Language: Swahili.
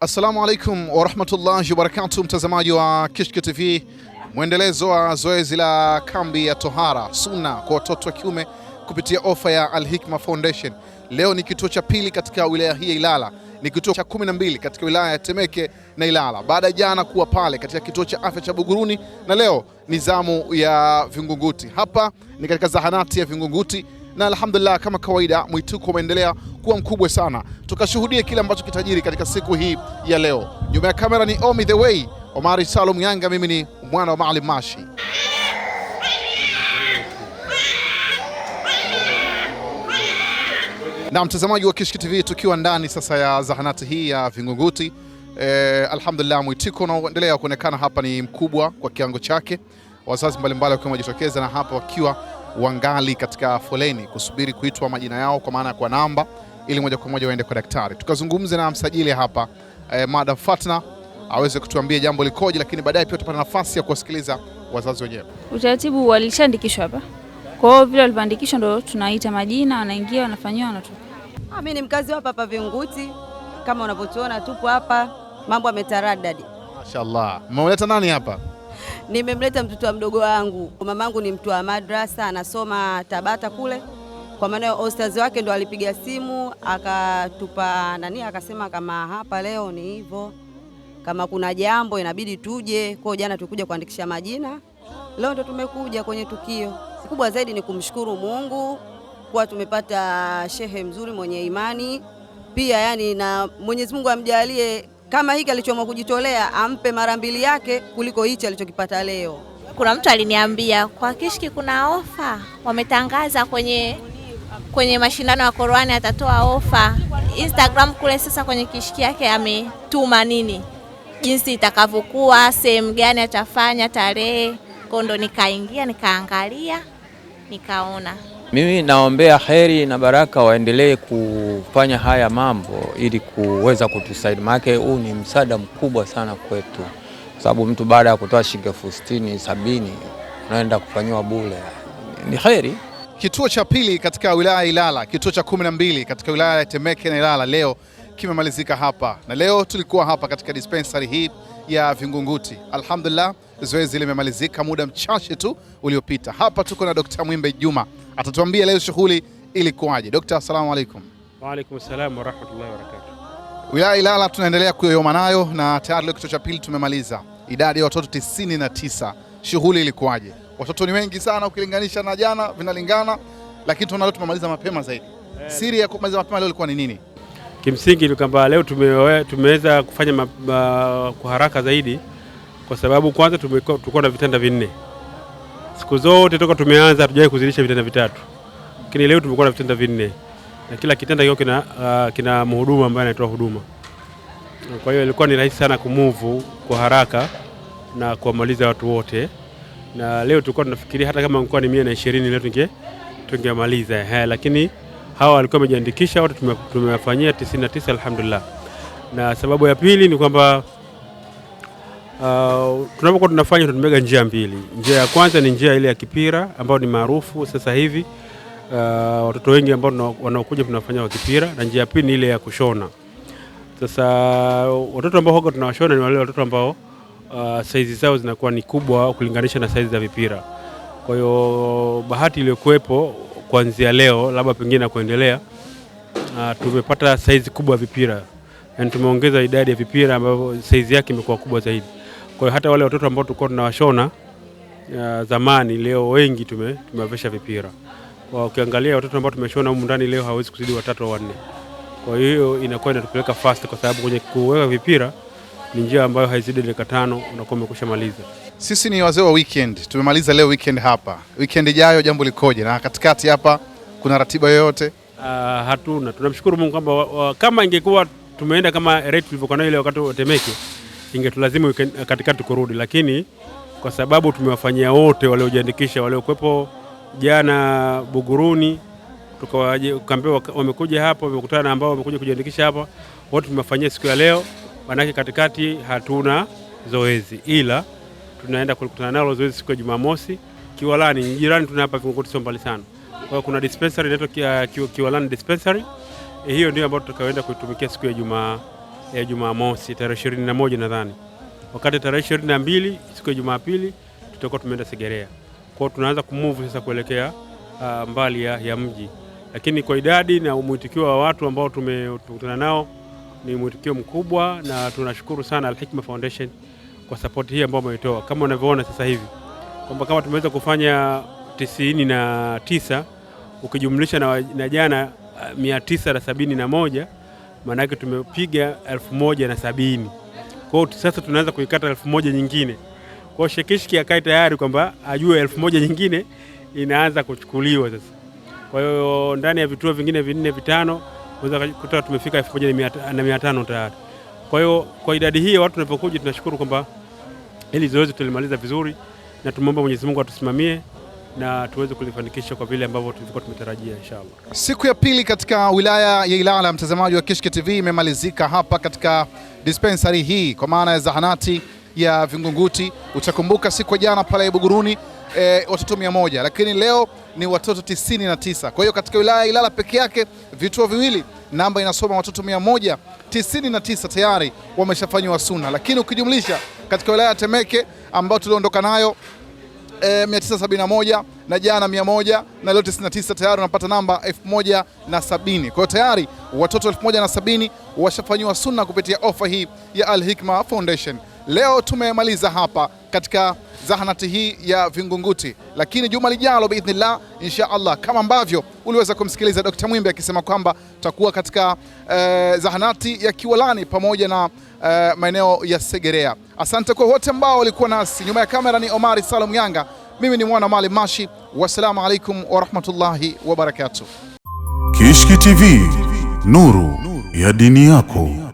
Assalamu alaikum warahmatullahi wabarakatuh, mtazamaji wa Kishki TV, mwendelezo wa zoezi la kambi ya tohara sunna kwa watoto wa kiume kupitia ofa ya Al Hikma Foundation. Leo ni kituo cha pili katika wilaya hii ya Ilala, ni kituo cha 12 katika wilaya ya Temeke na Ilala, baada ya jana kuwa pale katika kituo cha afya cha Buguruni, na leo ni zamu ya Vingunguti. Hapa ni katika zahanati ya Vingunguti na alhamdulillah, kama kawaida, mwituko umeendelea kuwa mkubwa sana, tukashuhudia kile ambacho kitajiri katika siku hii ya leo. Nyuma ya kamera ni Omi the way Omari Salum Yanga, mimi ni mwana wa Maalim Mashi. Na mtazamaji wa Kishki TV tukiwa ndani sasa ya zahanati hii ya Vingunguti. Eh, alhamdulillah mwitiko unaoendelea kuonekana hapa ni mkubwa kwa kiwango chake, wazazi mbalimbali wakiwa wamejitokeza na hapa wakiwa wangali katika foleni kusubiri kuitwa majina yao kwa maana ya kwa namba, ili moja kwa moja waende kwa daktari. Tukazungumze na msajili hapa eh, Madam Fatna aweze kutuambia jambo likoje, lakini baadaye pia tutapata nafasi ya kuwasikiliza wazazi wenyewe. Utaratibu walishaandikishwa hapa, kwa hiyo vile walivyoandikishwa ndo tunaita majina, wanaingia, wanafanyiwa, wanatoka. Ah, mimi ni mkazi hapa hapa Vinguti, kama unavyotuona tupo hapa, mambo yametaradadi. mashallah Mmeleta nani hapa? Nimemleta mtoto wa mdogo wangu. Mamangu ni mtu wa madrasa, anasoma Tabata kule, kwa maana hostels wake ndo alipiga simu akatupa nani, akasema kama hapa leo ni hivyo, kama kuna jambo inabidi tuje. Kwa jana tukuja kuandikisha majina, leo ndo tumekuja kwenye tukio. Kubwa zaidi ni kumshukuru Mungu kuwa tumepata shehe mzuri mwenye imani pia, yani na Mwenyezi Mungu amjalie kama hiki alichoamua kujitolea ampe mara mbili yake kuliko hichi alichokipata leo. Kuna mtu aliniambia kwa Kishki kuna ofa wametangaza kwenye kwenye mashindano ya Qur'ani, atatoa ofa Instagram kule. Sasa kwenye Kishki yake ametuma nini, jinsi itakavyokuwa, sehemu gani atafanya, tarehe kondo. Nikaingia nikaangalia nikaona mimi naombea heri na baraka waendelee kufanya haya mambo ili kuweza kutusaidia, maana huu ni msaada mkubwa sana kwetu, kwa sababu mtu baada ya kutoa shilingi elfu sitini sabini unaenda kufanyiwa bure, ni heri. Kituo cha pili katika wilaya ya Ilala, kituo cha kumi na mbili katika wilaya ya Temeke na Ilala leo kimemalizika hapa, na leo tulikuwa hapa katika dispensary hii ya Vingunguti. Alhamdulillah, zoezi limemalizika muda mchache tu uliopita. Hapa tuko na Dr. Mwimbe Juma atatuambia leo shughuli ilikuwaje. Dokta, assalamu alaikum. Wa alaikum salaam wa rahmatullahi wa Wilaya Ilala tunaendelea kuyoyoma nayo na tayari leo kituo cha pili tumemaliza idadi ya watoto 99. Shughuli ilikuwaje? Watoto ni wengi sana ukilinganisha na jana, vinalingana lakini tunaona leo tumemaliza mapema zaidi. Eh. Siri ya kumaliza mapema leo ilikuwa ni nini? Kimsingi ni kwamba leo tumeweza kufanya kwa haraka zaidi kwa sababu kwanza tulikuwa na vitanda vinne Siku zote toka tumeanza hatujawahi kuzidisha vitanda vitatu, lakini leo tumekuwa na vitanda vinne na kila kitanda kiko kina, uh, kina mhudumu ambaye anatoa huduma. Kwa hiyo ilikuwa ni rahisi sana kumuvu kwa haraka na kuwamaliza watu wote, na leo tulikuwa tunafikiria hata kama ungekuwa ni mia na ishirini leo tunge tungemaliza he, lakini hawa walikuwa wamejiandikisha, watu tumewafanyia tisa alhamdulillah. Na sababu ya pili ni kwamba Uh, tunapokuwa tunafanya tunatumia njia mbili. Njia ya kwanza ni njia ile ya kipira ambayo ni maarufu sasa hivi uh, watoto wengi ambao wanaokuja tunafanya wa kipira, na njia pili ni ile ya kushona. Sasa watoto ambao hoga tunawashona ni wale watoto ambao uh, saizi zao zinakuwa ni kubwa kulinganisha na saizi za vipira. Kwa hiyo bahati iliyokuwepo kuanzia leo labda pengine na kuendelea, uh, tumepata saizi kubwa ya vipira, yaani tumeongeza idadi ya vipira ambavyo saizi yake imekuwa kubwa zaidi. Kwa hiyo hata wale watoto ambao tulikuwa tunawashona zamani, leo wengi tumewavesha vipira. Kwa ukiangalia watoto ambao tumeshona humu ndani leo hawezi kuzidi watatu au wanne. Kwa hiyo inakuwa inatupeleka fast, kwa sababu kwenye kuweka vipira ni njia ambayo haizidi dakika tano unakuwa umekwisha maliza. Sisi ni wazee wa weekend, tumemaliza leo weekend hapa. Weekend ijayo jambo likoje? Na katikati hapa kuna ratiba yoyote? Uh, hatuna. Tunamshukuru Mungu kwamba kama ingekuwa tumeenda kama rate tulivyokuwa nayo ile wakati wa Temeke ingetulazimu katikati kurudi, lakini kwa sababu tumewafanyia wote waliojiandikisha waliokuwepo jana Buguruni, tukawaambia wamekuja hapa, wamekutana na ambao wamekuja kujiandikisha hapa, wote tumewafanyia siku ya leo. Manake katikati hatuna zoezi, ila tunaenda kukutana nalo zoezi siku ya Jumamosi Kiwalani, jirani tuna hapa Kongoti, sio mbali sana. Kwa hiyo kuna dispensary inaitwa Kiwalani dispensary, eh, hiyo ndio ambayo tutakayoenda kuitumikia siku ya Jumaa ya Jumamosi tarehe 21 nadhani, wakati tarehe 22 siku ya Jumapili tutakuwa tumeenda Segerea. Kwa hiyo tunaanza kumove sasa kuelekea uh, mbali ya, ya mji, lakini kwa idadi na mwitikio wa watu ambao tumekutana nao ni mwitikio mkubwa, na tunashukuru sana Al-Hikma Foundation kwa support hii ambayo wameitoa kama unavyoona sasa hivi kwamba kama tumeweza kufanya tisini na tisa ukijumlisha na, na jana ah, mia tisa na sabini na moja maanake tumepiga elfu moja na sabini kwao, sasa tunaanza kuikata elfu moja nyingine hiyo Shekishki akae tayari kwamba ajue elfu moja nyingine inaanza kuchukuliwa sasa. Kwa hiyo ndani ya vituo vingine vinne vitano unaweza kukuta tumefika elfu moja na mia tano tayari. Kwa hiyo kwa idadi hii watu tunavyokuja, tunashukuru kwamba hili zoezi tulimaliza vizuri, na tumeomba Mwenyezi Mungu atusimamie na tuweze kulifanikisha kwa vile ambavyo tulivyokuwa tumetarajia inshallah. Siku ya pili katika wilaya ya Ilala, mtazamaji wa Kishki TV, imemalizika hapa katika dispensary hii kwa maana ya zahanati ya Vingunguti. Utakumbuka siku ya jana pale Buguruni e, watoto mia moja lakini leo ni watoto tisini na tisa. Kwa hiyo katika wilaya ya Ilala peke yake vituo viwili namba inasoma watoto mia moja tisini na tisa tayari wameshafanywa suna, lakini ukijumlisha katika wilaya ya Temeke ambayo tuliondoka nayo e, 971 na jana 100 na leo 99, tayari unapata namba 1070. Kwa hiyo tayari watoto 1070 washafanyiwa sunna kupitia ofa hii ya Al Hikma Foundation. Leo tumemaliza hapa katika zahanati hii ya Vingunguti, lakini juma lijalo biidhnillah, insha Allah, kama ambavyo uliweza kumsikiliza Dr. Mwimbe akisema kwamba tutakuwa katika eh, zahanati ya Kiwalani pamoja na eh, maeneo ya Segerea. Asante kwa wote ambao walikuwa nasi. Nyuma ya kamera ni Omari Salum Yanga, mimi ni mwana Mali Mashi. Wassalamu alaikum warahmatullahi wabarakatuh. Kishki TV, nuru ya dini yako.